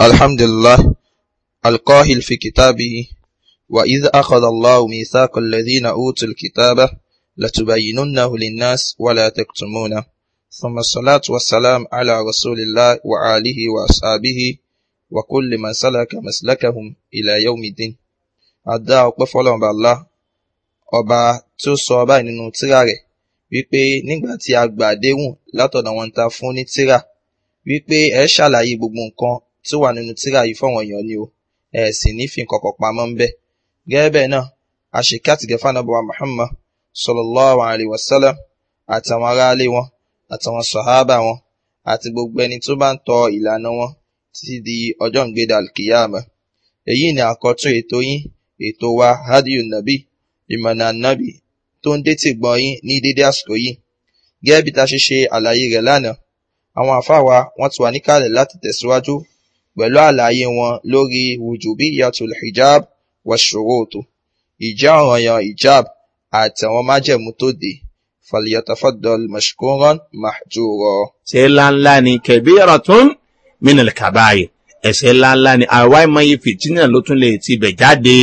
الحمد لله القاهل في كتابه وإذ أخذ الله ميثاق الذين أوتوا الكتاب لتبيننه للناس ولا تكتمونه ثم الصلاة والسلام على رسول الله وآله وأصحابه وكل من سلك مسلكهم إلى يوم الدين أدعى أقف الله ọba tí ó sọ báyìí nínú tíra rẹ̀ wípé nígbà tí a gbà àdéhùn látọ̀dọ̀ wọn ta fún ní tíra wípé ẹ ṣàlàyé gbogbo nǹkan tí ó wà nínú tíra yìí fọ̀wọ̀n èèyàn ni o ẹ̀ sì nífi kọ̀kọ̀ pamọ́ ń bẹ̀. gẹ́gẹ́ bẹ́ẹ̀ náà àṣekí àtìgẹ́ fànàbọ̀wá muhammad sallallahu alayhi wa sallam àtàwọn aráalé wọn àtàwọn sàhábà wọn àti gbogbo ẹni tó bá ń tọ ìlànà wọn títí di ọjọ́ ìgbéda alkiyama èyí ni àkọ́tún ètò yín ètò wa hadiyu nabi ìmọ̀nà nabi tó ń détì gbọ́n yín ní dédé àsìkò yìí gẹ́gẹ́ bí ta ṣe ṣe àlàyé rẹ̀ lánàá àwọn àfáà wa wọ́n ti wà níkàlẹ̀ láti tẹ̀síwájú pẹ̀lú àlàyé wọn lórí wujubiyyatul hijab wa shurutuhu, ìjẹ́ ọ̀ranyàn hijab àtàwọn májẹ̀mú tó dé falyatafaddal mashkuran mahjura. ṣe ńláńlá ni kabiratun minal kabair ẹ̀ṣẹ̀ ńláńlá ni àwa ìmọ̀ye fìtínà ló tún lè tibẹ̀ jáde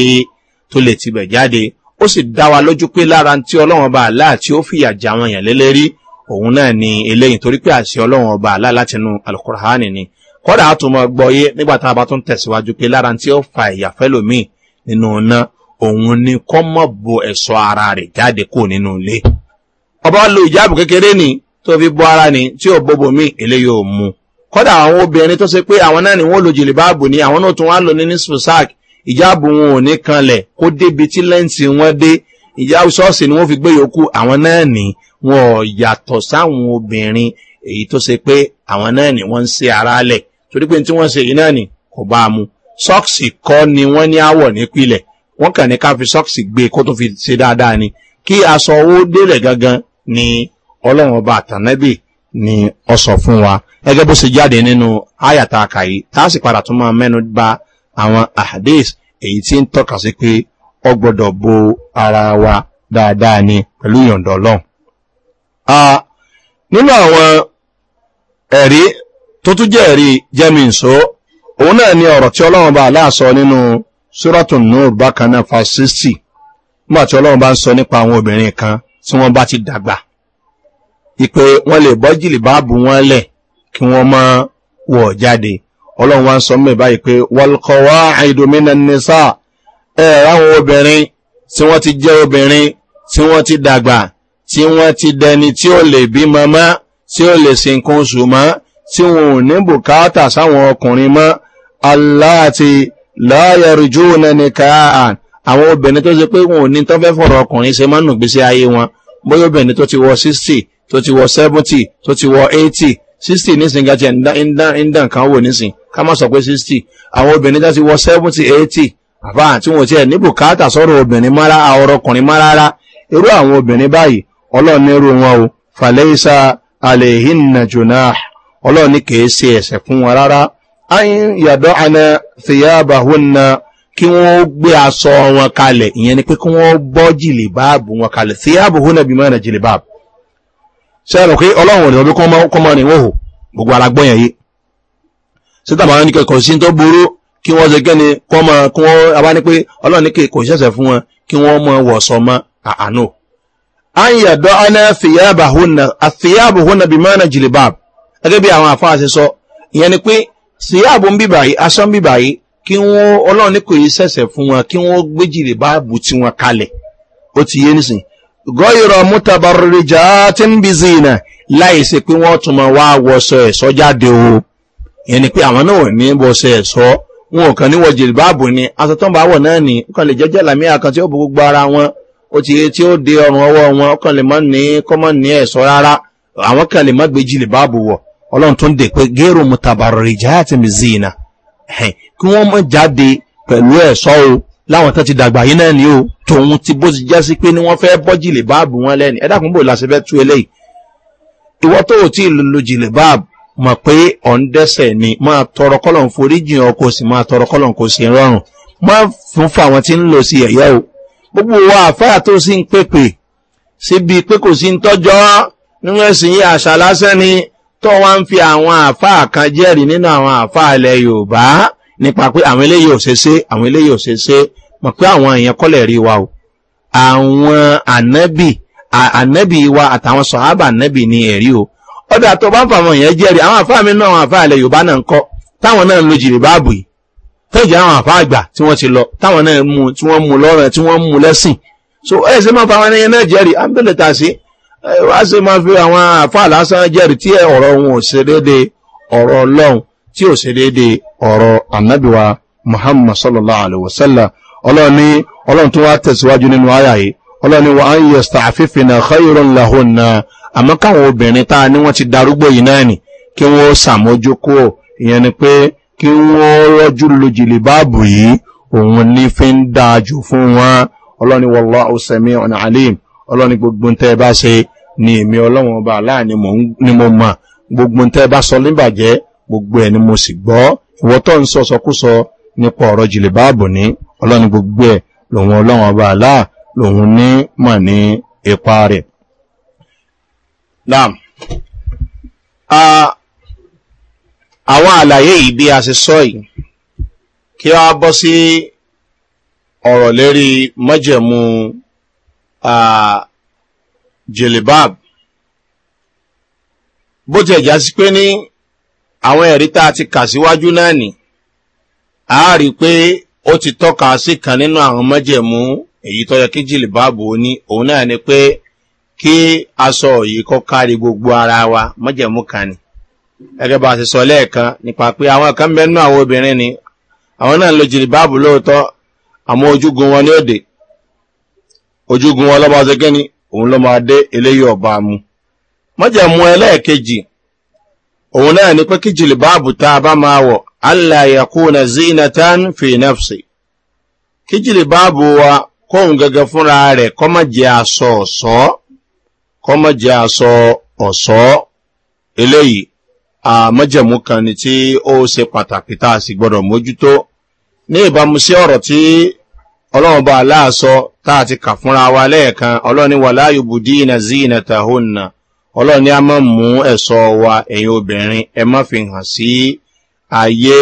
tó lè tibẹ̀ jáde ó sì dá wa lójú pé lára tí ọlọ́wọ́n bá àlá tí ó fìyà jà wọn yàn lélẹ́rí òun náà ni eléyìí torí pé àṣẹ ọlọ́wọ́n bá àlá látinú alukur'ani ni kọ́dà àtúmọ̀ gbọ́yé nígbà tá a bá tún tẹ̀síwájú pé lára tí ó fa ìyà fẹ́lòmíì nínú iná òun ni kọ́ mọ̀ bo ẹ̀sọ́ ara rẹ̀ jáde kó nínú ilé. ọba lo ìjáàbù kékeré ni tó fi bọ́ ara ni tí ò bóbo míì eléyìí ò mu. kọ́dà àwọn obìnrin tó ṣe pé àwọn náà ni wọ́n lo jìlì báàbù ni àwọn náà tún wá lò ní ní sùsáàkì ìjáàbù wọn ò ní kanlẹ̀ kó débi tí lẹ́ǹtì wọn dé ìjáàbù ṣọ́ọ̀ṣì ni wọ́n fi gbé yòókù ni wọn èyí tó ṣe pé àwọn náà ni wọ́n ń ṣe ara lẹ̀ torí pé tí wọ́n ṣe yìí náà ni kò bá a mu sọ́ọ̀sì kọ́ ni wọ́n ní àwọ̀ nípìnlẹ̀ wọ́n kàn ní ká fi sọ́ọ̀sì gbé kó tó fi ṣe dáadáa ni kí aṣọ owó délẹ̀ gangan ni ọlọ́run ọba àtànẹ́bì ni ọ sọ fún wa gẹ́gẹ́ bó ṣe jáde nínú àyàtà àkàyè tá a sì padà tún máa mẹ́nu ba àwọn àdéhìs èyí tí ń tọ́ka sí pé ọ gbọ́dọ̀ bo ara wa dáadáa ni pẹ̀lú ìyọ̀ǹdọ̀ ọlọ́run. Ah, nínú àwọn ẹ̀rí tó tún jẹ́rí jẹ́mìnsó òun náà ni ọ̀rọ̀ tí ọlọ́run bá aláàsọ nínú sóràtún nur bákan náà fa sixty nígbà tí ọlọ́run bá ń sọ nípa àwọn obìnrin kan tí wọ́n bá ti dàgbà ìpè wọ́n lè bọ́ jìlì báàbù wọn lẹ̀ kí wọ́n mọ́ wọ̀ jáde ọlọ́run wá ń sọ mẹ́ báyìí pé wọ́lkọ̀ wá àìdòmínà nìsà ẹ̀ ráwọn obìnrin tí wọ́n ti jẹ́ obìnrin tí wọ́n ti dàgbà tí wọ́n ti dẹni tí ó lè bí mọ́mọ́ tí ó lè sin kóńsù mọ́ tí wọn ò ní bùkátà sáwọn ọkùnrin mọ́ aláàtì láyẹrìjú nẹnìkàá àwọn obìnrin tó ṣe pé wọn ò ní tán fẹ́ fọ̀rọ̀ ọkùnrin ṣe mọ́nù gbèsè ayé wọn bóyá obìnrin tó ti wọ sixty tó ti wọ seventy tó ti wọ eighty sixty nísìn gàtí ẹ̀ńdàn kan wò nísìn ká má sọ pé sixty àwọn obìnrin tó ti wọ seventy eighty àbá tí wọn ti ẹ̀ ní bùkátà sọ̀rọ̀ obìnrin mọ́ra ọ̀rọ̀ ọkùnrin mọ́ rárá irú àwọn obìnrin báyìí ọlọ́ọ̀nẹ́rù wọn o fàlẹ́ isa àlèhìn nàjọ́nà ọlọ́run ní kìí ṣe ẹ̀sẹ̀ fún wọn rárá ayin yàdọ́ àna fìyàbàhùnà kí wọ́n gbé aṣọ wọn kalẹ̀ ìyẹn ni pé kí wọ́n bọ́ jìlìbáàbù wọn kalẹ̀ fìyàbàhùnà bí mọ́ra jìlìbáàbù sẹ́rọ̀ pé ọlọ́run ọ̀dọ̀ bí kọ́mọ ni wọ́n hò gbogbo alágbọ́n yẹn yìí sítàbà wọn ní kẹ́ kò sí tó burú kí wọ́n ṣe kẹ́ni kọ́mọ kí wọ́n abá ní pé ọlọ́run ní kò ṣẹ̀ṣẹ̀ fún wọn kí wọ́n mọ wọ̀sọ̀ gẹ́gẹ́ bí àwọn àfáà ṣe sọ ìyẹn ni pé síyáàbò ń bíbà yìí aṣọ ń bíbà yìí kí wọ́n ọlọ́run ní kò yí sẹ̀sẹ̀ fún wọn kí wọ́n gbéjìlè báàbù tí wọ́n kalẹ̀ ó ti yé nísìn gọ́yìrọ̀ mútabarìjà tí ń bí zina láì ṣe pé wọ́n tún máa wá wọṣọ ẹ̀ṣọ́ jáde o ìyẹn ni pé àwọn náà ní wọṣọ ẹ̀ṣọ́ wọn ò kàn ní wọ jìlè báàbù ni aṣọ tó ń bá wọ̀ náà ni ó kàn lè jẹ́jẹ́ làmíà kan tí ó bu gbogbo ara wọn ó ti yé tí ó de ọrùn ọwọ́ wọn ó kàn lè mọ́ ní kọ́mọ́ ní ẹ̀ṣọ́ rárá àwọn kàn lè mọ́ gbé jìlè báàbù wọ̀ ọlọ́run tó ń dè pé géèrò mutabarija àti mizina kí wọ́n mọ̀ jáde pẹ̀lú ẹ̀ṣọ́ o láwọn tó ti dàgbà yín náà ni o tòun ti bó ti já sí pé ni wọ́n fẹ́ bọ́ jìlè báàbù wọn lẹ́nu ẹ̀dá kún bò láṣẹ fẹ́ tú eléyìí ìwọ́ tó ò tí ì lo jìlè báàbù mọ̀ pé ọ̀n dẹ́sẹ̀ ni máa tọrọ kọ́lọ̀n forí jìn ọkọ sì máa tọrọ kọ́lọ̀n kò sí rọrùn má fún fún tí ń lò sí ẹ̀yẹ́ o gbogbo wa àfáà tó sì ń pèpè síbi pé kò sí ń tọ́jọ́ nínú ẹ̀sìn yìí àṣà lásán ni tó wá ń fi àwọn àfáà kan jẹ́rìí nínú àwọn àfáà ilẹ̀ yorùbá nípa pé àwọn eléyìí ò ṣeṣe àwọn eléyìí ò ṣeṣe mọ̀ pé àwọn èèyàn kọ́lẹ̀ rí wa o àwọn ànábì ànábì wa àtàwọn sọ̀hábà ànábì ni ẹ̀rí o ọ̀dà tó bá ń fa àwọn èèyàn jẹ́rìí àwọn àfáà mi náà àwọn àfáà ilẹ̀ yorùbá náà ń kọ́ táwọn náà ń lo jìrì báàbù yìí tẹ́jẹ́ àwọn àfáà àgbà tí wọ́n ti lọ táwọn náà mú tí wọ́n mú lọ́rùn tí wọ́n mú lẹ́sìn so ẹ̀ ṣe máa fa àwọn ẹni náà jẹ́rìí àbẹ̀lẹ̀ tà sí wá sí máa fi àwọn àfáà lásán jẹ́rì tí ọ̀rọ̀ wọn ò ṣe déédéé ọ̀rọ̀ ọlọ́run tí ò ṣe déédéé ọ̀rọ̀ ànábìwá muhammad sallallahu alayhi wa sallam ọlọ́run ní ọlọ́run tó wá tẹ̀síwájú nínú àyà yìí ọlọ́run ní wàá ń yẹ sàfífì náà xeyìrò làhùn náà àmọ́ káwọn obìnrin tá a ní wọ́n ti darúgbó yìí náà nì kí wọ́n sàmójú ìyẹn ni pé kí wọ́n rọ́jú lójìlì báàbù yìí òun ní fi ń dáa jù fún wọn ọlọ́run ní wàllu ọlọ́ni gbogbo tẹ́ bá ṣe ni èmi ọlọ́wọ́n ọba aláàní ni mo mọ̀ gbogbo tẹ́ bá sọ níbàjẹ́ gbogbo ẹ̀ ni mo sì gbọ́ ìwọ́tọ̀ ń sọ sọkúsọ nípa ọ̀rọ̀ jìlẹ̀ báàbò ní ọlọ́ni gbogbo ẹ̀ lòun ọlọ́wọ́n ọba aláà lòun ní mọ̀ ní ipa rẹ̀. Naam. Àwọn àlàyé yìí bí a ṣe sọ yìí, kí a bọ́ sí ọ̀rọ̀ lérí mọ́jẹ̀mú uh, jelibab bó ti ẹ̀já sí pé ní àwọn ẹ̀rí tá a ti kà síwájú náà nì a rí pé ó ti tọ́ka sí kan nínú àwọn mọ́jẹ̀mú èyí tó yẹ kí jìlìbáàbò ní òun náà ni pé kí aṣọ yìí kọ́ kárí gbogbo ara wa mọ́jẹ̀mú kan ni gẹ́gẹ́ bá a ti sọ lẹ́ẹ̀kan nípa pé àwọn kan bẹ́ẹ̀ nú àwọn obìnrin ni àwọn náà lo jìlìbáàbò lóòótọ́ àwọn ojúgun wọn ní òde ojúgun wọn lọ́mọ ṣẹ́gẹ́ni òun ló máa dé eléyìí ọba mu mọ́jàmú ẹlẹ́ẹ̀kejì òun náà ni pé kí jìlìbáàbù tá a bá máa wọ̀ aláyàkúnà zinatan fi nafsi kí wa kóhun gẹ́gẹ́ fúnra rẹ̀ kọ́mọ̀jẹ́ aṣọ ọ̀ṣọ́ kọ́mọ̀jẹ́ aṣọ ọ̀ṣọ́ eléyìí àmọ́jẹ̀mú kan ni tí ó ṣe pàtàkì tá a sì gbọ́dọ̀ mójútó ní ìbámu sí ọ̀rọ̀ tí ọlọ́run bá aláàsọ tá a ti kà fúnra wa lẹ́ẹ̀kan ọlọ́run ni wà láàyò bùdí iná sí iná tahona ọlọ́run ni a máa mú ẹ̀sọ́ wa ẹ̀yin obìnrin ẹ má fi hàn sí ayé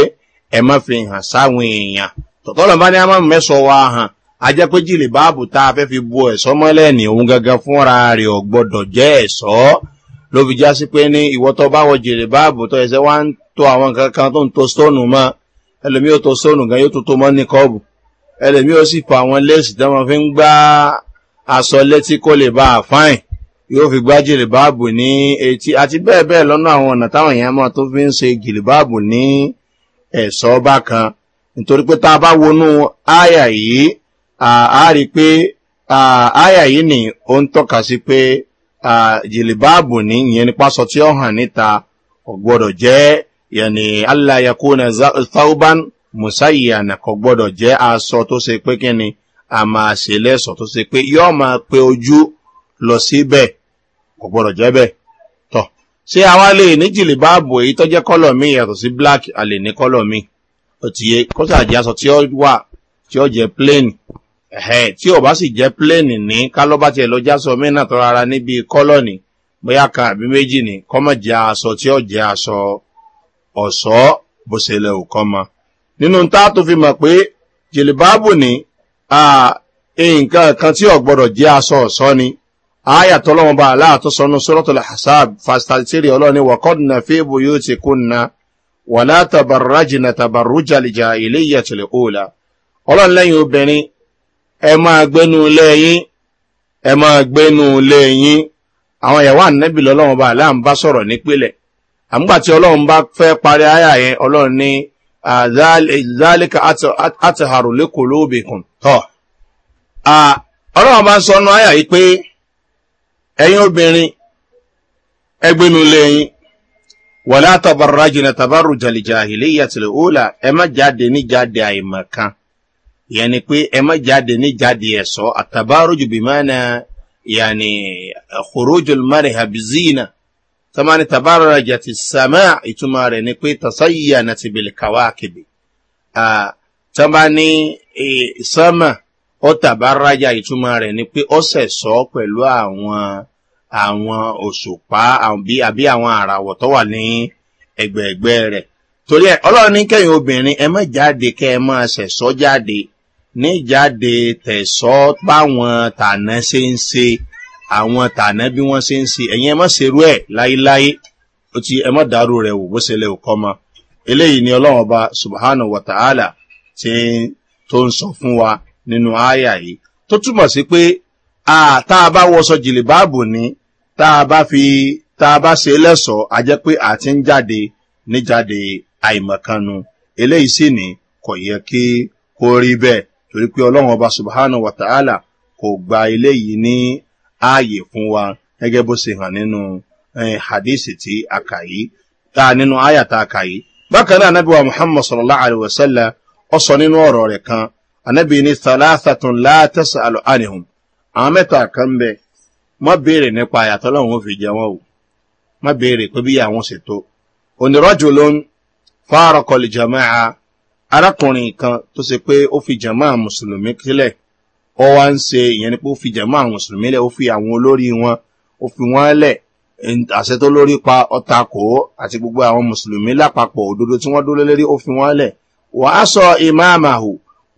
ẹ má fi hàn sáwọn èèyàn tọ́tọ́lọ́ bá ní a máa mú ẹ̀sọ́ wa hàn a jẹ́ pé jìlì báàbù tá a fẹ́ fi bu ẹ̀sọ́ mọ́lẹ̀ ní òun gangan fúnra rẹ̀ ọ̀gbọ́dọ̀ jẹ́ ẹ̀sọ́ ló fi já sí pé ní ìwọ́tọ́ báwọ jìlì báàbù tó ẹsẹ̀ wá ń to àwọn kankan tó ń to stone mọ́ ẹlòmíì ó to stone gan yóò tó to mọ́ ní kọ́ọ̀bù ẹlẹ̀mí ó sì pa àwọn lẹ́sì tí wọ́n fi ń gbá aṣọ létí kó lè bá àfáìn yóò fi gbá jìlìbáàbù ní etí àti bẹ́ẹ̀ bẹ́ẹ̀ lọ́nà àwọn ọ̀nà táwọn èèyàn mọ̀ tó fi ń ṣe jìlìbáàbù ní ẹ̀ṣọ́ bákan nítorí pé tá a bá wonú àyà yìí a rí i pé àyà yìí ni ó ń tọ́ka sí pé jìlìbáàbù ní ìyẹn nípa sọ tí ó hàn níta ọ̀gbọ́dọ̀ jẹ́ yẹn ni alayakuna zauban mùsáyì ànàkọ gbọdọ̀ jẹ́ aṣọ tó ṣe pé kí ni a máa ṣe lẹ́sọ̀ tó ṣe pé yọ́ máa pe ojú lọ síbẹ̀ kò gbọdọ̀ jẹ́ bẹ́ẹ̀ tọ̀ ṣé àwa lè ní jìlì báàbò èyí tó jẹ́ kọ́lọ̀ mi yàtọ̀ sí black a lè ní kọ́lọ̀ mi ó ti yé kó sàjẹ́ aṣọ tí ó wà tí ó jẹ́ plain ẹ̀hẹ́ tí ò bá sì jẹ́ plain ní kálọ́bà tiẹ̀ lọ jásọ mẹ́nà tó rárá níbi kọ́lọ̀ ni bóyá kan àbí méjì ni kọ́mọ̀ jẹ́ aṣọ tí ó jẹ́ aṣọ ọ̀ṣọ́ bó ṣe lẹ̀ ò kọ́ máa nínú tá a tó fi mọ̀ pé jìlìbáàbù ní nǹkan kan tí ò gbọdọ̀ jẹ́ aṣọ ọ̀ṣọ́ ni aya tọ́lọ́wọ́n bá aláàtọ́ sọnù sọ́rọ́tọ̀lá hasab fasitalitiri ọlọ́ni wakọ́dùnà fíìbù yóò ti kún na wàlá tabarajìnà tabarujalìjà ilé ìyàtìlẹ̀ òòlà ọlọ́run lẹ́yìn obìnrin ẹ máa gbénu lẹ́yìn ẹ máa gbénu lẹ́yìn àwọn ìyàwó ànábì lọ́lọ́wọ́n bá aláàmbá sọ̀rọ̀ nípìnlẹ̀ àmúgbàtí ọlọ́run bá fẹ́ parí aya yẹn ọlọ́run ní zálíkà àtìhàrò lẹ́kọ̀ọ́ lóòbìkùn. ọlọ́run bá ń sọnù àyà yìí pé ẹ̀yin obìnrin ẹgbẹ́nu lẹ́yìn wọ̀lá tọ̀bọ̀rọ̀ jìnnà tàbárù jàlìjàhìlì yàtìlẹ̀ òòlà ẹ má jáde ní jáde àìmọ̀ kan ìyẹn ni pé ẹ má jáde ní jáde ẹ̀sọ́ àtàbárù jù bí mọ́nà yàní ẹ̀kọ́rọ́jù mọ́nà habizina tọ́mání tabarara jàti sàmà ìtumọ̀ rẹ̀ ni pé tasọ́yìyà náà ti bèlè kàwá kébè tọ́mání sàmà ó tabaraja ìtumọ̀ rẹ̀ ni pé ó sẹ̀sọ́ pẹ̀lú àwọn àwọn òṣùpá àbí àwọn àràwọ̀ tó wà ní ẹgbẹ̀ẹ̀gbẹ́ rẹ̀ torí ẹ ọlọ́run ní kẹ́yìn obìnrin ẹ má jáde kẹ́ ẹ máa ṣẹ̀sọ́ jáde ní jáde tẹ̀sọ́ báwọn tàná ṣe ń ṣe àwọn tàná bí wọ́n ṣe ń ṣe ẹ̀yin ẹ mọ́ ṣerú ẹ̀ láéláé ó ti ẹ mọ́ dàrú rẹ̀ wò bó ṣe lè kọ́ mọ́ eléyìí ni ọlọ́run ọba subhanahu wa ta'ala ti tó ń sọ fún wa nínú àyà yìí tó túmọ̀ sí pé tá a bá wọṣọ jìlì báàbò ni tá a bá fi tá a bá ṣe lẹ́sọ̀ọ́ a jẹ́ pé a ti ń jáde níjáde àìmọ̀kanu eléyìí sì ni kò yẹ kí kó rí bẹ́ẹ̀ torí pé ọlọ́run ọba subhanahu wa ta'ala kò gba eléyìí ní ààyè fún wa gẹ́gẹ́ bó ṣe hàn nínú eh, hadith tí a kà yìí tá nínú àyà tá a kà yìí. bákan náà anábìwá muhammad sallallahu alayhi wa sallam ọ sọ nínú ọ̀rọ̀ rẹ̀ kan anábì ní thalathatun látẹ̀sà àlọ́ ànihùn àwọn mẹ́ta kan bẹ má béèrè nípa àyàtọ̀ lọ́wọ́ fi jẹ wọn o má béèrè pé bí àwọn ṣètò onírọ́jò ló ń fárakọ̀lì jama'a arákùnrin kan tó ṣe pé ó fi jama'a mùsùlùmí sílẹ̀ ọ wá ń ṣe ìyẹn ni pé ó fi jẹ̀mọ́ àwọn mùsùlùmí lẹ̀ ó fi àwọn olórí wọn ó fi wọ́n lẹ̀ àṣẹ tó lórí pa ọ̀tàkó àti gbogbo àwọn mùsùlùmí lápapọ̀ òdodo tí wọ́n dúró lérí ó fi wọ́n lẹ̀ wàá sọ ìmáàmà hù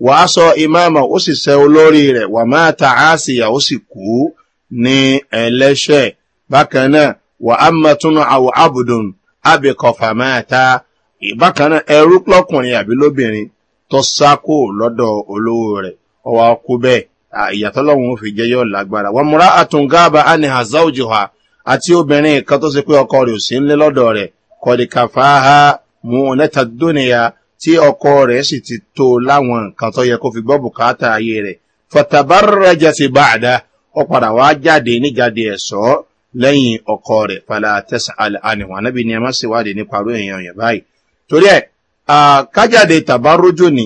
wàá sọ ìmáàmà ó sì ṣe olórí rẹ̀ wà máa ta àásìyà ó sì kú ní ẹlẹ́ṣẹ̀ bákan náà wà á mọ àwọ̀ abudun abẹ́kọ̀fà máa ta bákan náà ẹrú lọ́kùnrin àbí lóbìnrin tó sá lọ́dọ̀ olówó rẹ̀ ọwọ́ kú bẹ́ẹ̀ ìyàtọ̀ lọ́wọ́n fi jẹ́ yọ lágbára wọn múra àtúngáàbà àni hazauji ha àti obìnrin kan tó ṣe pé ọkọ rẹ̀ ò sí nílé lọ́dọ̀ rẹ̀ kọ̀dìkàfà ha mú nẹ́ta dúnìyà tí ọkọ rẹ̀ sì ti tó láwọn nǹkan tó yẹ kó fi gbọ́ bùkátà ayé rẹ̀ fọ̀tàbárẹ̀jà ti bá àdá padà wá jáde níjáde ẹ̀sọ́ lẹ́yìn ọkọ rẹ̀ padà tẹ̀sán àníwọ̀n anábì ni ẹ má ṣèwádìí nípa aró èèyàn yẹn báyìí torí ẹ̀ kájáde tàbá rójò ní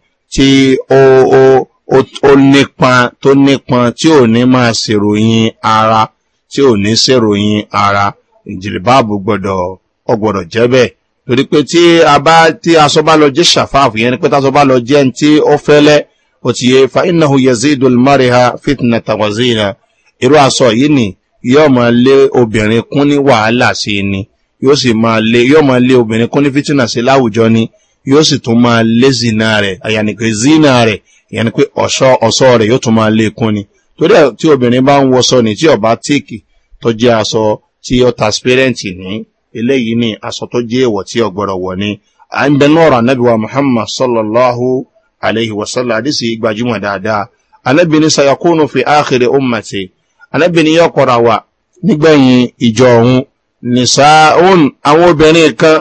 tí ó ó ó nípọn tó nípọn tí ò ní máa ṣèròyìn ara tí ò ní ṣèròyìn ara ìjìnlẹ̀báàbò gbọ́dọ̀ ọgbọ̀dọ̀ jẹ́ bẹ́ẹ̀ torí pé tí a bá tí aṣọ bá lọ jẹ́ ṣàfáàfù yẹn ni pé táṣọ bá lọ jẹ́ ní tí ó fẹ́lẹ́ ó ti yẹ fa iná yezidu mariha fitna tawazina irú aṣọ yìí ni yóò máa lé obìnrin kún ní wàhálà sí ni yóò sì máa lé yóò máa lé obìnrin kún ní fitna sí láwùjọ ni yóò sì tún máa lé zina rẹ̀ àyànnípe zina rẹ̀ ìyànnípe ọ̀ṣọ́ ọ̀ṣọ́ rẹ̀ yóò tún máa lé e kún ni torí ẹ̀ tí obìnrin bá ń wọṣọ ní tí ọba tíìkì tó jẹ́ aṣọ tí ó transparent ní eléyìí ní aṣọ tó jẹ́ èèwọ̀ tí ọgbọ̀rọ̀ wọ̀ ni à ń muhammad sallallahu alayhi wa sallam àdìsí gbajúmọ̀ dáadáa anábìnrin sayakunu fi áàkiri ummati anábìnrin yóò kọ́ra wa nígbẹ̀yìn ìjọ òun nìṣàún àwọn obìnrin kan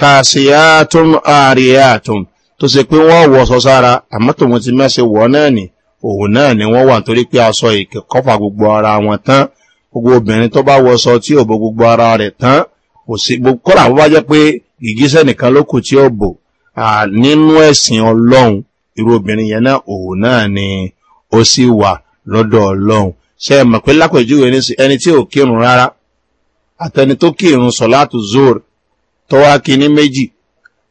kàṣíyàtún àríyàtún tó ṣe pé wọ́n wọ ọ̀sọ̀ sára àmọ́ tòun ti mẹ́sẹ̀ wọ́ náà nì òun náà ni wọ́n wà nítorí pé aṣọ ìkẹ́kọ́fà gbogbo ara wọn tán gbogbo obìnrin tó bá wọṣọ tí ò bo gbogbo ara rẹ̀ tán kò sí kọ́là bó bá jẹ́ pé gìgísẹ́ nìkan ló kù tí ó bò nínú ẹ̀sìn ọlọ́run irú obìnrin yẹn náà òun náà ni ó sì wà lọ́dọ̀ ọlọ́run ṣe mọ̀ pé lápẹ̀júwe ẹni tí ò kírun rárá àtẹni tó kírun sọ̀látù zoro tó wá kí ní méjì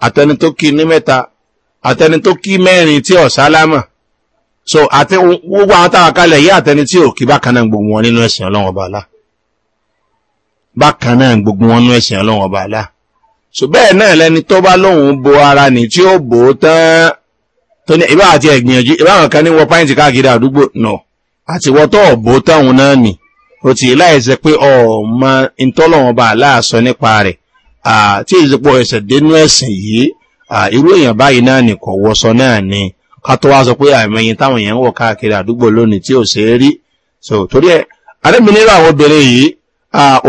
àtẹni tó kí ní mẹ́ta àtẹni tó kí mẹ́rin tí ọ̀ sálámà so àti gbogbo àwọn táwa kalẹ̀ yí àtẹni tí ò kí bákan náà gbogbo wọn nínú ẹ̀sìn ọlọ́wọ́n ọba alá bákan náà gbogbo wọn nínú ẹ̀sìn ọlọ́wọ́n ọba alá so bẹ́ẹ̀ náà lẹni tó bá lóun bo ara nì tí ó bò ó tán tó ní ìbá àti ẹ̀gbìyànjú ìbá àwọn kan ní wọ pàǹtì káàkiri àdúgbò náà àti wọ́n tó bò ó táwọn náà nì ó ti láì sẹ pé ọ̀ ìtọ́lọ́wọ́n ọba alá sọ nípa rẹ̀ tí ìsìnkú ẹsẹ̀ dénú ẹ̀sìn yìí irú èèyàn báyìí náà ní kọ̀ wọ́sọ náà ni ká tó wá sọ pé àìmọye táwọn èèyàn ń wọ̀ káàkiri àdúgbò lónìí tí ò ṣeé rí so torí ẹ adébìnrin àwọn obìnrin yìí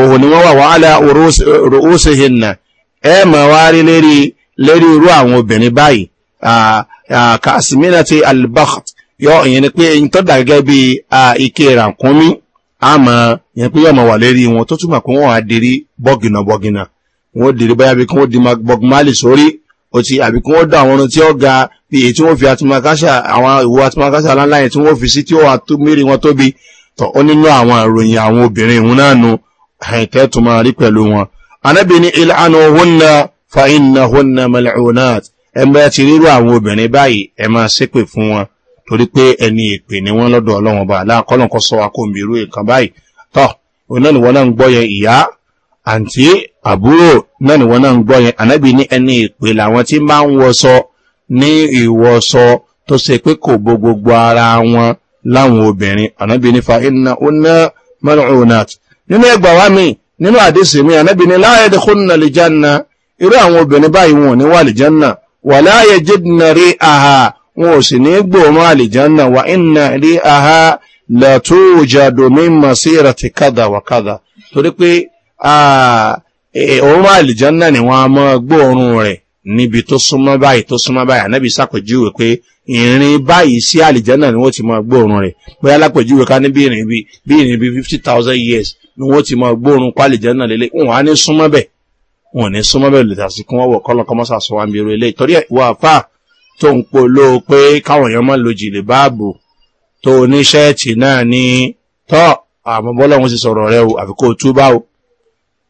òhun ni wọ́n wà wàhálà òróṣèhìn náà ẹ mọ̀ wá rí lérí lérí irú àwọn obìnrin báyìí kàṣímínà ti albakht yọ ìyẹn ni pé ń tọ́jà gẹ́gẹ́ bí ike rànkúnmí àmọ́ ìyẹn pé yọ̀mọ̀ wà lérí wọn tó túmọ̀ pé wọ́n á dérí bọ́gìnà wọ́n dèrè báyà bí kí wọ́n di bob marley sórí ọtí àbí kí wọ́n dá àwọn ọ̀run tí ó ga èyí tí wọ́n fi atimakasa àwọn ìwo atimakasa aláǹlá yẹn tí wọ́n fi sí tí wọ́n tó mérì wọn tóbi tọ́ ó nínú àwọn ìròyìn àwọn obìnrin ìhun náà nu àìtẹ́ tó máa rí pẹ̀lú wọn. anábìíní ìlànà òhun náà fa iná òhun náà mẹ́lẹ̀ òhun náà ẹ máa ti rírú àwọn obìnrin báyìí ẹ máa ṣépè fún wọn torí pé ẹni èpè ni wọ́n lọ́dọ̀ ọlọ́wọ́n bá aláàkọ́lọ́kọ́ sọ wa kó mi irú nǹkan báyìí tọ́ òun náà ni wọ́n náà ń gbọ́ yẹn ìyá àǹtí àbúrò náà ni wọ́n náà ń gbọ́ yẹn ànábì ní ẹni ìpè làwọn tí máa ń wọṣọ ní ìwọṣọ tó ṣe pé kò bo gbogbo ara wọn láwọn obìnrin ànábì ní fa iná oná mọ́nàúnàt nínú ẹgbà wá mi nínú àdéṣe mi ànábì ní láàyè dẹ́kọ́ nà lè jánà irú àwọn obìnrin báyìí wọn ò ní wà lè jánà wà láàyè jẹ́dínà rí àhà wọn ò sì ní gbòòmọ́ àlìjánà wà iná rí àhà làtúùjà domin masírati kádà wà kádà torí pé ah, òórùn eh, àlìjánná ni wọ́n á mọ́ gbóòórùn rẹ̀ níbi tó súnmọ́ báyìí tó súnmọ́ báyìí ànábì sàpèjúwe pé ìrìn báyìí sí àlìjánná ni wọ́n ti mọ́ gbóòórùn rẹ̀ bóyá lápèjúwe ká ní bí ìrìn bí bí ìrìn bí fifty thousand years ni wọ́n ti mọ́ gbóòórùn kó àlìjánná lélẹ̀ wọn á ní súnmọ́ bẹ̀ wọn ò ní súnmọ́ bẹ̀ lè tàbí kí wọ́n wọ̀ kọ́lọ́ kọ́mọ́ sàṣọ wa mi rẹ̀ torí ìwà àfà tó ń polówó pé káwọn èèyàn mọ́ lojì báàbò tó oníṣẹ́ẹ̀tì náà ti sọ̀rọ̀ rẹ o àfikún túbá o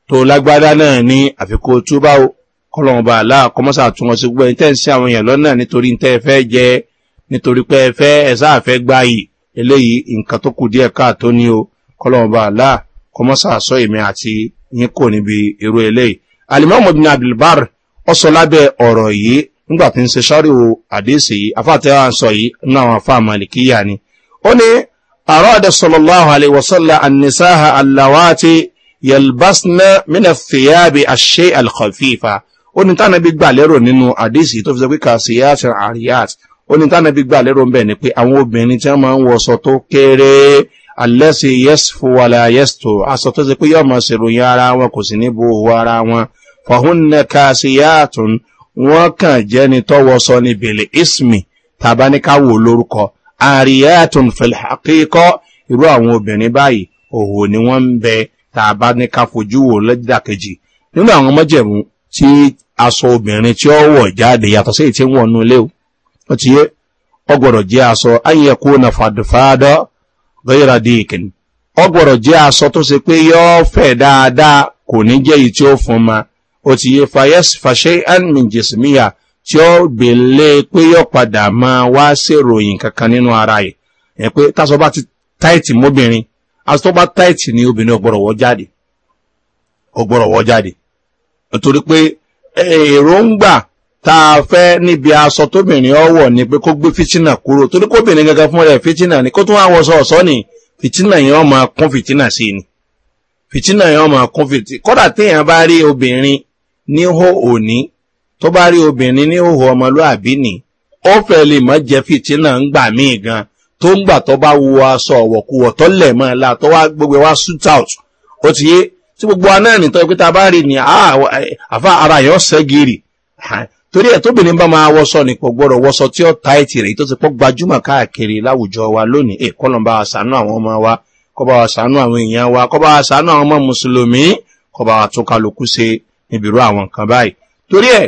tó lágbádá náà ní àfikún túbá o kọlọ́run bá àlá kọmọ́sà tún wọn sí gbogbo ẹni tẹ́ ń sí àwọn èèyàn lọ́nà nítorí tẹ́ ẹ fẹ́ jẹ nítorí pé ẹ fẹ́ ẹ sáà fẹ́ gbáyì eléyìí nǹkan tó kù díẹ̀ káàtó ní o kọlọ́run bá àlá kọmọ́sà sọ èmi àti yín kò níbi irú eléyìí. alimami bin abdulbar ọsọ lábẹ ọrọ yìí nígbà tí ń ṣe sọ́ríwò àdéṣe yìí afáàtẹ́ wa sọ yìí nínú àwọn afá màlìkíyà ni. ó ní àrọ́ àdẹ́sọ̀lọ́láhùn àlè wọ́sọ́lá ànisáhà àláwá yalbasna mina fìyàbí àṣẹ alkhafifa ó ní tánà bí gbà lérò nínú àdéhìsì tó fi sọ pé kàṣíyàt àríyàt ó ní tánà bí gbà lérò ń bẹ̀ ni pé àwọn obìnrin tí wọ́n máa ń wọṣọ tó kéré alẹ́sì yẹ́sùfù wàlà yẹ́sùtò aṣọ tó ṣe pé yọ́ máa ṣèròyìn ara wọn kò sì ní bo òwò ara wọn fọ̀hún ní kàṣíyàt wọn kàn jẹ́ni tọ́wọ́sọ ní bèlè ismi tàbá lórúkọ àríyàt fẹ̀lẹ̀ àkíkọ́ irú àwọn obìnrin báyìí òwò ni wọ́n ń bẹ́ẹ̀ tá a bá ní ká fojú wò lẹ́dàkejì nínú àwọn mọ́jẹ̀mú tí aṣọ obìnrin tí ó wọ̀ jáde yàtọ̀ sí èyí ilé o ti yé ọ jẹ́ aṣọ ayé na fàdúfàdọ́ gbẹ́yìrà di ìkìnnì ọ jẹ́ aṣọ tó ṣe pé yọ́ fẹ̀ dáadáa kò ní jẹ́ èyí tí ó fún ma o ti yé fàṣẹ tí ó pé yọ padà máa wá ìròyìn kankan nínú ara yìí ẹ pé ti asọ́gbà táìtì ni obìnrin ọgbọ́rọ̀ wọ́ jáde ọgbọ́rọ̀ wọ́ jáde nítorí pé èròǹgbà tá a fẹ́ níbi aṣọ tóbìnrin ni pé kó gbé kúrò torí gangan fún ni kó tún wá ni yẹn kún sí ni yẹn kún kódà téèyàn bá rí obìnrin níhó òní tó bá rí obìnrin níhó ọmọlúàbí ni ó lè ń tó ń gbà tó bá wo aṣọ ọ̀wọ̀kuwọ̀ tó lẹ̀ mọ́ ẹ̀ la tó wá gbogbo wa suit out ó ti yé tí gbogbo wa náà nìtọ́ pé tá a bá rí ni ah, àfa ara yẹn ọ̀sẹ̀ gírì torí ẹ̀ tóbìnrin bá máa wọṣọ nìkan gbọ́dọ̀ wọṣọ tí ó ta ẹ̀tì rẹ̀ tó ti pọ́ gbajúmọ̀ káàkiri láwùjọ wa lónìí ẹ̀ kọ́ lọ́nba àṣàánú àwọn ọmọ wa kọ́ bá wa ṣàánú àwọn èèyàn wa kọ́ bá wa ṣàánú àwọn ọmọ mùsùlùmí kọ́ bá wa tún kálukú ṣe níbìrú àwọn nǹkan báyìí torí ẹ̀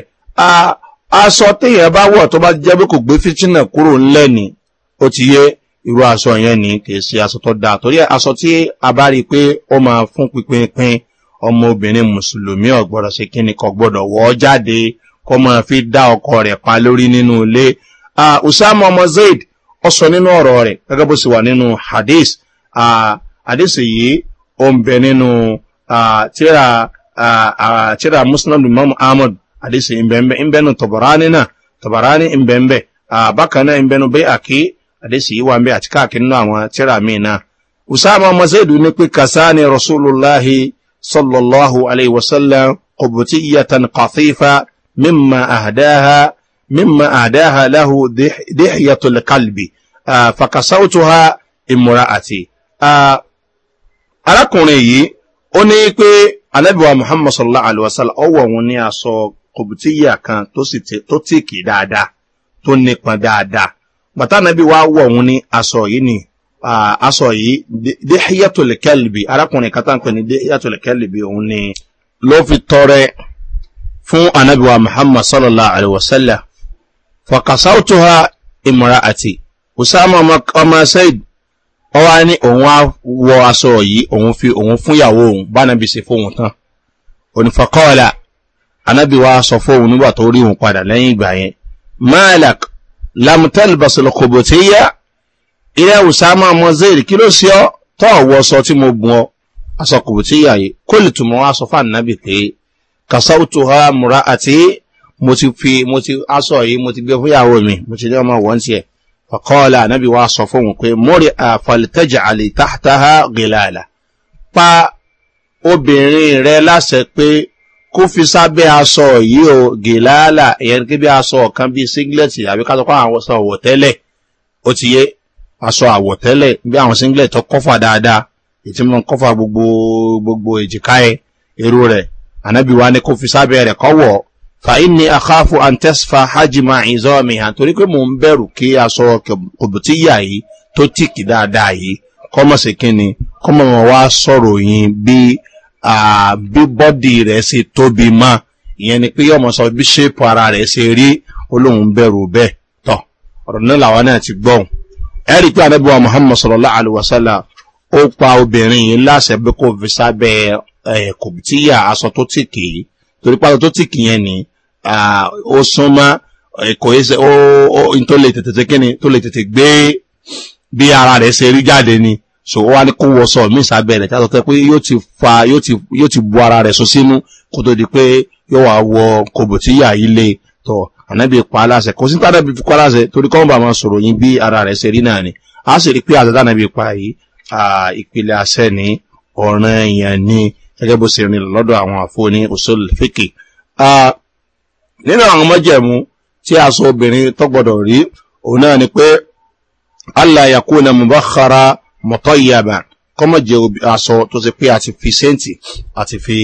aṣọ téèyàn bá wọ̀ tó bá jẹ́ pé kò gbé fítínà kúrò ńlẹ̀ ni ó ti yé irú aṣọ yẹn ní kìí ṣe aṣọ tó dáa torí aṣọ tí a bá rí i pé ó máa fún pínpín ọmọbìnrin mùsùlùmí ọ̀gbọ́dọ̀ ṣe kí ni kò gbọ́dọ̀ wọ́ jáde kó máa fi dá ọkọ rẹ pa lórí nínú ilé. usama ọmọ zaid ọ sọ nínú ọrọ rẹ̀ gẹ́gẹ́ bó ṣe wà nínú hadith hadith yìí ó ń bẹ nínú tíra muslim imam ahmed hadith yìí ń bẹ ń bẹ nínú tọ̀bọ̀rání náà tọ̀bọ̀rání ń bẹ ń bẹ bákan náà ń bẹ nínú bẹ́ẹ̀ àkí àdéṣì yìí wà ń bẹ àti káàkiri nínú àwọn tíra míì náà usama mazeedu ní pé kasani rasulillahi sallallahu alayhi wa sallam kòbùtì iyatan kàfífa mímà àdáha mímà àdáha láhu dìhìyàtul kalbi fakasautuha imura àti. arákùnrin yìí ó ní pé anabiwa muhammad sallallahu alayhi wa sallam ọwọ́ òun ní aṣọ kòbùtì iyà kan tó sì tó dáadáa tó nípọn dáadáa bàtànàbí wa wọ̀ òun ní aṣọ yìí ni aṣọ yìí déhíyàtòlẹ̀kẹ́lìbì arákùnrin kan táǹpẹ̀ ní déhíyàtòlẹ̀kẹ́lìbì òun ni ló fi tọrẹ fún anabiwa muhammad sallallahu alaihi wasallam fakasautuha imra ati usama ọmọ said ọwá ní òun á wọ aṣọ yìí òun fi òun fúnyàwó òun bánàbí se fóun tán onífakọ́ọ̀lá anabiwa sọ fóun nígbà tó rí òun padà lẹ́yìn ìgbà yẹn malak lamtel basel koboteya ilẹ̀ usama mozil kí ló ṣe ọ́ tọ́ ọ̀wọ́ sọ tí mo gun ọ́ aṣọ koboteya yìí kó lè tún mọ́ wá sọ fún ànábì pé kasautu ha mura àti mo ti fi mo ti aṣọ yìí mo ti gbé fún ìyàwó mi mo ti ní ọmọ wọn tiẹ̀ fakọ́ọ̀lá ànábì wa sọ fún wọn pé mọ́rí àfàlítẹ́jà àlè pa obìnrin rẹ láṣẹ pé kó fi sábẹ́ aṣọ yìí o gèlàálà ìyẹn kí bí aṣọ ọ̀kan bíi singlet àbí ká sọ pé àwọn aṣọ àwọ̀tẹ́lẹ̀ ó ti yé aṣọ àwọ̀tẹ́lẹ̀ bí àwọn singlet tó kọ́fà dáadáa ètí mọ́ kọ́fà gbogbo gbogbo èjìká ẹ èrò rẹ̀ ànábì wa ni kó fi sábẹ́ rẹ̀ kọ́wọ̀ fàyín ni àkáfù àǹtẹ́sífà hajjima ìzọ́mi hàn torí pé mò ń bẹ̀rù kí aṣọ kòbùtíyà yìí tó tìkì dáadáa yìí kọ́mọ̀sí kíni kọ́mọ̀ wá sọ̀rọ̀ yìí bíi bí bọ́dì rẹ̀ ṣe tóbi mọ́ ìyẹn ni pé yọmọ sọ bí ṣéèpù ara rẹ̀ ṣe rí olóhùn bẹ̀rù bẹ́ẹ̀ tọ̀ ọ̀rọ̀ náà làwọn náà ti gbọ́n ẹ rí i pé anábíwá muhammed sọlọ́lá aliwasala ó pa obìnrin yìí láṣẹ pé kò fi sábẹ́ ẹ̀ aṣọ tó tì kì í torí pàtó tó tì kì yẹn ni ó súnmọ́ kò yẹ ṣe ó tó tó lè tètè gbé bí ara rẹ̀ ṣe rí jáde ni so wọ́n á ní kó wọṣọ mí sábẹ́rẹ̀ tá a sọ pé yóò ti fa yóò ti yóò ti bu ara rẹ̀ so sínú kó tó di pé yóò wá wọ kòbò tí yà yí lé tọ̀ ànábì pa aláṣẹ kò sí tánàbì fi kọ́ aláṣẹ torí kọ́ ń bá máa sọ̀rọ̀ yín bí ara rẹ̀ ṣe rí náà ni a sì rí pé àtàtà ànábì pa yìí ìpìlẹ̀ àṣẹ ni ọ̀ràn èèyàn ni gẹ́gẹ́ bó ṣe rìn lọ́dọ̀ àwọn àfọ́ni òṣèlfèkè. nínú àwọn mọ́jẹ̀mú tí a sọ obìnrin tó rí òun náà ni pé allah yakuna mubakara mọ̀tọ́ ìyàbà kọ́mọ̀ jẹ́ aṣọ tó ti pé àti fi sẹ́ǹtì àti fi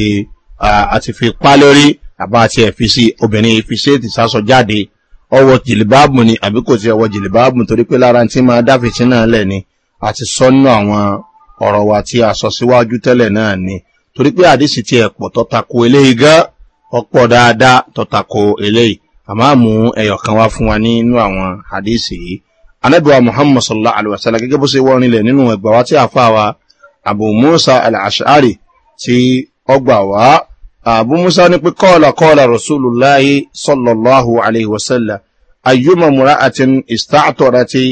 àti fi pa lórí àbá àti ẹ̀fi sí obìnrin fi sẹ́ǹtì sásọ jáde ọwọ́ jìlìbáàbù ni àbí kò ti ọwọ́ jìlìbáàbù torí pé lára tí máa dáfìtì náà lẹ̀ ni àti sọ́nù àwọn ọ̀rọ̀ wa tí a sọ síwájú tẹ́lẹ̀ náà ni torí pé àdìsí ti ẹ̀pọ̀ tọ́tako eléyìí gán ọ̀pọ̀ dáadáa tọ́tako eléyìí àmọ́ àmú ẹ̀yọ̀ wá fún wa nínú àwọn àdìsí yìí anabiwa muhammad sallallahu alaihi wasallam gẹ́gẹ́ bó ṣe wọ́n nílẹ̀ nínú ẹgbà wa tí a fà wa abu musa al-ashari tí ọgbà wa abu musa ní pé kọ́ọ̀lá kọ́ọ̀lá rasulillahi sallallahu alaihi wasallam ayyuma mura'atin istaatorati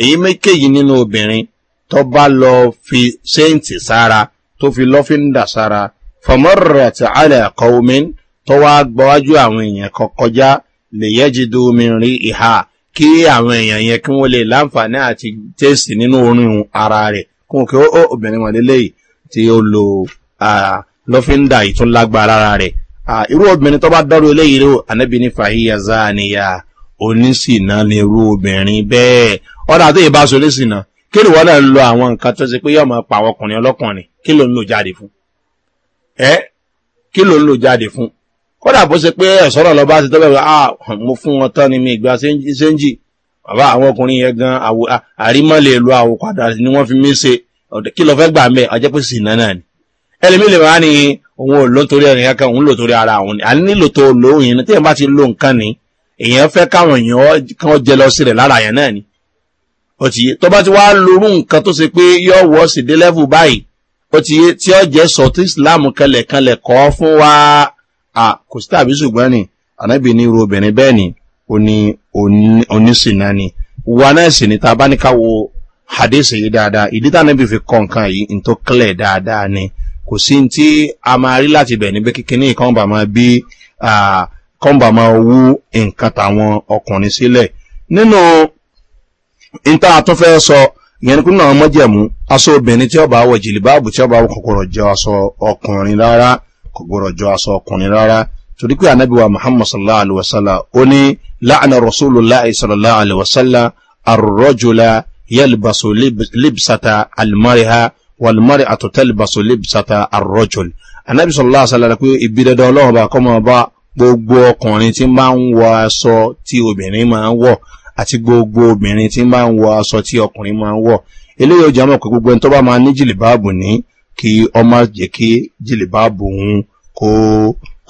èyí méjèèjì nínú obìnrin tó bá lọ fi séǹtì sára tó fi lọ́fíńdà sára fọmọ́rẹ̀ tí alẹ́ kọ́wọ́mí tó wá gbọ́wájú àwọn èèyàn kọjá lè dùnmí rí ìhà kí àwọn èèyàn yẹn kí wọ́n lè láǹfààní àti tẹ́sì nínú orin ara rẹ̀ kí wọ́n kí ó obìnrin wọn lélẹ́yìí tí ó lo lọ́fíńdà ìtúnlágbára ara rẹ̀ irú obìnrin tó bá dọ́rọ̀ eléyìí rò ànábì ní fàáyíyà záàníyà oníṣìnà ni irú obìnrin bẹ́ẹ̀ ọ̀dà tó yẹ bá so léṣìnà kí ni wọ́n náà lo àwọn nǹkan tó ṣe pé yọ̀ọ́ máa pa ọkùnrin ọlọ́kùnrin kí ló ń lò jáde fún ẹ kí ló ń lò jáde fún kódà bó ṣe pé ẹ̀sọ́rọ̀ lọ bá ti tọ́bẹ̀ wá ah, mo fún wọn tán ni mi ìgbà séńjì bàbá àwọn ọkùnrin yẹn gan àrímọ́ lè lo àwò padà ni wọ́n fi mí ṣe kí lọ fẹ́ gbà mẹ́ ọjọ́ pé sì náà ni ẹlẹ́mi lè máa ní òun ò lò torí ẹnì kankan òun lò torí ara òun ni àní nílò tó lò òun yẹn ni téèyàn bá ti lo nǹkan ni èèyàn fẹ́ káwọn èèyàn kan jẹ lọ sí rẹ̀ lára yẹn náà ni ó ti yé tó bá ti wá lorú nǹkan tó ṣe pé yọ wọ́ sí báyìí ó ti yé tí ó jẹ́ sọ tí islam kanlẹ̀ kọ́ fún wa A kò sí tàbí ṣùgbọ́n ni ànábì ní irú obìnrin bẹ́ẹ̀ ni ó ní oníṣìnà ni wa náà sì ni tá bá ní ká wo hadith yìí dáadáa ìdí tá ànábì fi kọ nǹkan yìí ní tó clear dáadáa ni kò sí ní tí a máa rí láti bẹ̀ níbi kíkiní ìkànnbà máa bí kọ́ńbà máa wú nǹkan táwọn ọkùnrin sílẹ̀ nínú níta tó fẹ́ sọ ìyẹn náà mọ́jẹ̀mú aṣọ obìnrin tí ọba wọ jìlìbáàbù tí ọba wọ kòkòrò jẹ aṣọ ọkùnrin rárá kò gbọ́dọ̀ jọ aṣọ ọkùnrin rárá torí pé anabi wa muhammad sallallahu alaihi wa sallam ó ní láàánú rasulillah sallallahu alaihi wa sallam arrojula yalbaso libsata almariha walmari atotelbaso libsata arrojul anabi sallallahu alaihi wa sallam pé ibi dandan ọlọ́run bá kọ́ bá gbogbo ọkùnrin tí máa ń wọ aṣọ tí obìnrin máa ń wọ̀ àti gbogbo obìnrin tí máa ń wọ aṣọ tí ọkùnrin máa ń wọ̀ eléyìí ó jẹ́ àmọ́ pé gbogbo ẹni tó bá máa ní jìlìbáàbù ní kí ọmọ jẹ́ kí jìlìbáàbù òun kó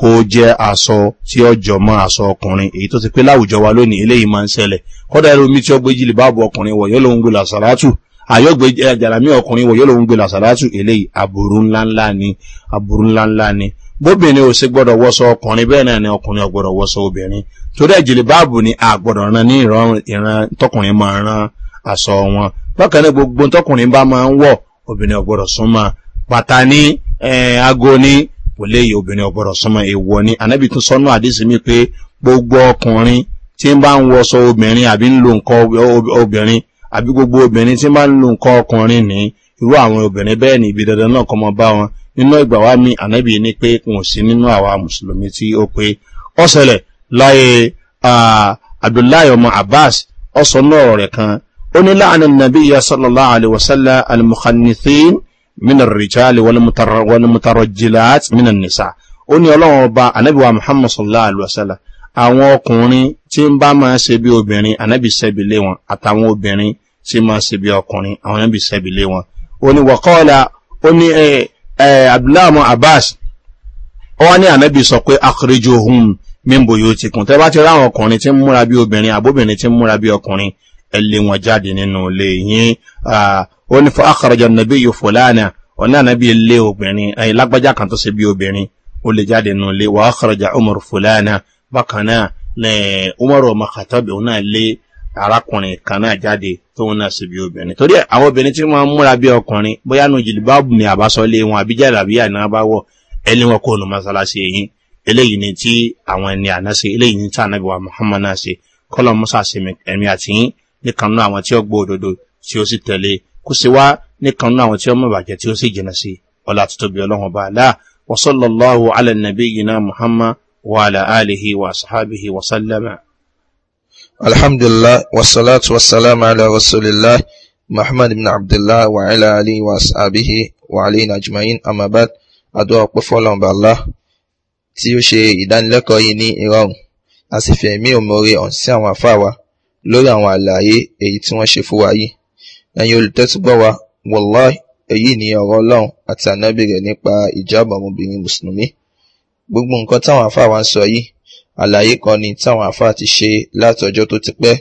kó jẹ́ aṣọ tí ọjọ́ mọ́ aṣọ ọkùnrin èyí tó ti pé láwùjọ wa lónìí eléyìí máa ń ṣẹlẹ̀ kọ́dà ẹ̀rọ omi tí ó gbé jìlìbáàbù ọkùnrin wọ̀ yóò lóun gbé làṣàlátù eh, àyọ̀gbé àjàlámí ọkùnrin wọ̀ yóò lóun gbé làṣàlátù eléyìí àbùrú ńláńlá ni àbùrú ńláńlá ni bóbìnrin ò sí gbọ́dọ̀ wọ́sọ ọkùnrin bẹ́ẹ̀ náà ni ọkùnrin ọ̀gbọ́dọ̀ wọ́sọ obìnrin torí ẹ̀jìlì báàbù ni àgbọ̀dọ̀ ran ní ìran tọkùnrin máa ran aṣọ wọn bákan náà gbogbo tọkùnrin bá máa ń wọ̀ obìnrin ọ̀gbọ́dọ̀ súnmọ́ bàtà ní aago ní kò léyìí obìnrin ọ̀gbọ̀rọ̀ súnmọ́ èèwọ̀ ni ànábì tún sọ́nù àdísì mi pé gbogbo ọkùnrin tí ń bá ń wọṣọ obìnrin àbí ń lo nǹkan obìnrin àbí gbogbo obìnrin tí ń bá ń lo nǹkan ọkùnrin ní irú àwọn obìnrin bẹ́ẹ̀ ni ibi dandan náà kọ́ mọ bá wọn nínú ìgbà wa mi ànábì ní pé n ò sí nínú àwa mùsùlùmí tí ó pé ọ ṣẹlẹ̀ láyé abdullahi ọmọ abbas ọ sọ náà rẹ̀ kan ó ní láàánú nàbí yasọ́lọ́lá àlè wàsálà àlè mina rijali walimutarọjilaat mina nisa ó ní ọlọ́run ọba anabiwa muhammad sallallahu alaihi wa sallam àwọn ọkùnrin tí ń bá máa ṣe bí obìnrin anabi ṣẹbi lé wọn àtàwọn obìnrin tí máa ṣe bí ọkùnrin àwọn anabi ṣẹbi lé wọn ó ní wàkọ́ọ̀lá ó ní ẹ ẹ abdulhamu abbas ó wá ní anabi sọ pé akérèjọ ohun mímbo yóò ti kùn tẹ́ bá ti ráwọn ọkùnrin tí ń múra bí obìnrin àbóbìnrin tí ń múra bí ọkùnrin ẹlẹ wọn jáde nínú ilé yín ó ní fún akọrọjọ nàbí yìí fòlànà ọ̀nà nàbí ilé obìnrin ẹ̀yìn lágbájá kan tó ṣe bí obìnrin ó lè jáde nínú ilé wà akọrọjọ umar fòlànà bákan náà ní umar makatabi òun náà lé arákùnrin kan náà jáde tóun náà ṣe bí obìnrin torí àwọn obìnrin tí wọn múra bí ọkùnrin bóyá nu jìlìbáàbù ni àbásọlé wọn àbíjáde àbíyá ni wọn bá wọ ẹni wọn kó nu mọ́ṣáláṣí yìí eléyìí ni tí àwọn ẹni àná ṣe eléyìí ni tí ànábìwá muhammad náà ṣe kọlọ musa ṣe ẹmí àtìyìn nìkan náà àwọn tí ó gbọ́ òdodo tí ó sì tẹ̀lé kó sì wá nìkan náà àwọn tí ó mọ̀ bàjẹ́ tí ó sì jìnà sí ọlá àtútóbi ọlọ́run ọba àlá wasallallahu ala nabi yina muhammad wa ala alihi wa sahabihi wa sallama. alhamdulilah wasalaatu wasalaamu ala rasulillah muhammad ibn abdullah wa ala alihi wa sahabihi wa alayhi najmain amabad adu ọpẹ fọlọmọba tí ó ṣe ìdánilẹ́kọ̀ọ́ yìí ní ìrọ̀rùn a sì fẹ̀mí òmòore ọ̀hún sí àwọn afáwa lórí àwọn àlàyé èyí tí wọ́n ṣe fún wa yìí ẹ̀yin olùtẹ́tígbọ́ wa wàláì èyí ni ọ̀rọ̀ ọlọ́run àti ànábì rẹ̀ nípa ìjábọ̀ ọmọbìnrin mùsùlùmí gbogbo nǹkan táwọn àfáà wa ń sọ yìí àlàyé kan ni táwọn àfáà ti ṣe láti ọjọ́ tó ti pẹ́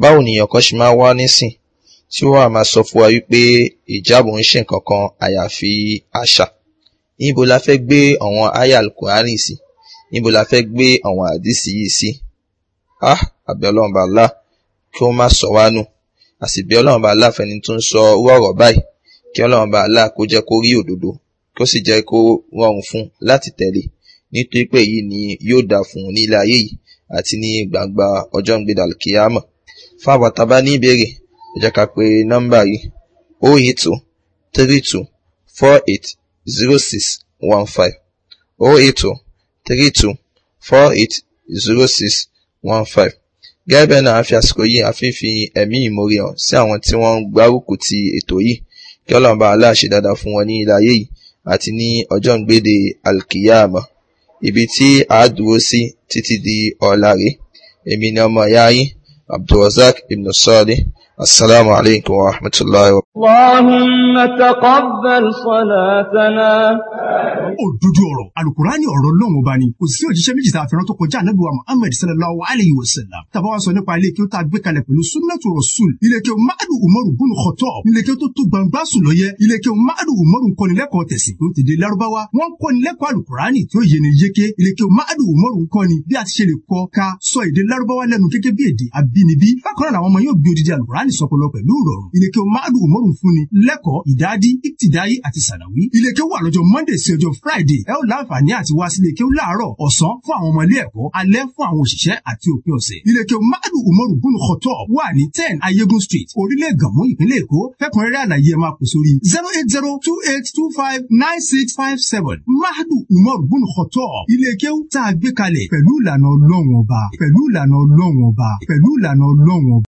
báwo nìyàn kan ṣe máa wá nísìn tí wọ́n á máa sọ fún wa wípé ìjábọ̀ ń ṣe nǹkan kan àyàfi àṣà níbo la fẹ́ gbé àwọn aya alukurani sí níbo la fẹ́ gbé àwọn àdìsí yìí sí ah àbí ọlọ́run bá lá kí ó má sọ wá nù àsìbí ọlọ́run bá lá fẹni tó ń sọ owó ọ̀rọ̀ báyìí kí ọlọ́run bá lá kó jẹ́ kó rí òdodo kí ó sì jẹ́ kó rọrùn fún láti tẹ̀lé nítorí pé èyí ni yóò dà fún ní ilé ayé yìí àti ní gbangba ọjọ́ ìgbéda kìámọ̀ fún àbàtàbá ní ìbéèrè ẹ jẹ́ ká pe nọ́mbà yìí o oh eight two three two four eight zero six one five o oh eight two three two four eight zero six one five. Gẹ́gẹ́ bẹ́ẹ̀ náà, a fi àsìkò yìí, a fi fi ẹ̀mí ìmoore hàn sí àwọn tí wọ́n ń gbárùkù ti ètò yìí. Kí Ọlọ́run bá Allah ṣe dáadáa fún wọn ní ilé ayé yìí àti ní ọjọ́ ìgbéde Alkiyama. Ibi tí a dúró sí títí di ọ̀la Èmi ni ọmọ ìyá yín, Abdulrasaq Ibn Sọ́ọ̀lì. السلام عليكم ورحمة الله وبركاته اللهم تقبل صلاتنا òdodo ọ̀rọ̀ alukurani ọ̀rọ̀ lọ́wọ́ bá ni kò sí òjíṣẹ́ méjì tá a fẹ́ràn tó kọjá anabi wa muhammed sallallahu alayhi wa sallam tàbá wa sọ nípa ilé kí ó tá gbé kalẹ̀ pẹ̀lú sunnatu rasul ilé kí o madu umaru bunu khattab ilé kí o tó tó gbangba sùn lọ yẹ ilé kí o madu umaru nkọ́nilẹ́kọ̀ọ́ tẹ̀sí tó ti di larubawa wọ́n kọ́nilẹ́kọ̀ọ́ alukurani tó yẹni yeke ilé kí o madu umaru nkọ́ni bí a ti ṣe lè kọ́ ka sọ èdè larubawa lẹ́nu gẹ́gẹ́ bí èdè abínibí bákan náà àwọn yóò bí odidi alukurani sọpọlọ pẹ̀lú ìrọ̀rùn ilé kí o madu umaru fúnni lẹ́kọ̀ọ́ ìdádi ìtìdáyé àti sàdáwí ilé kí o wà lọ́jọ́ mondays sí ọjọ́ friday ẹ ó láǹfààní àti wá sílé kéwú láàárọ̀ ọ̀sán fún àwọn ọmọ ilé ẹ̀kọ́ alẹ́ fún àwọn òṣìṣẹ́ àti òpin ọ̀sẹ̀ ilé kéwú madu umaru bunu kọtọ wà ní ten ayégun street orílẹ̀ gànmú ìpínlẹ̀ èkó fẹ́kùnrẹ́rẹ́ àlàyé ẹ máa pè sórí zero eight zero two eight two five nine six five seven madu umaru bunu kọtọ ilé kéwú tá a gbé kalẹ̀ pẹ̀lú ìlànà ọlọ́run ọba pẹ̀lú ìlànà ọlọ́run ọba pẹ̀lú ìlànà ọlọ́run ọba.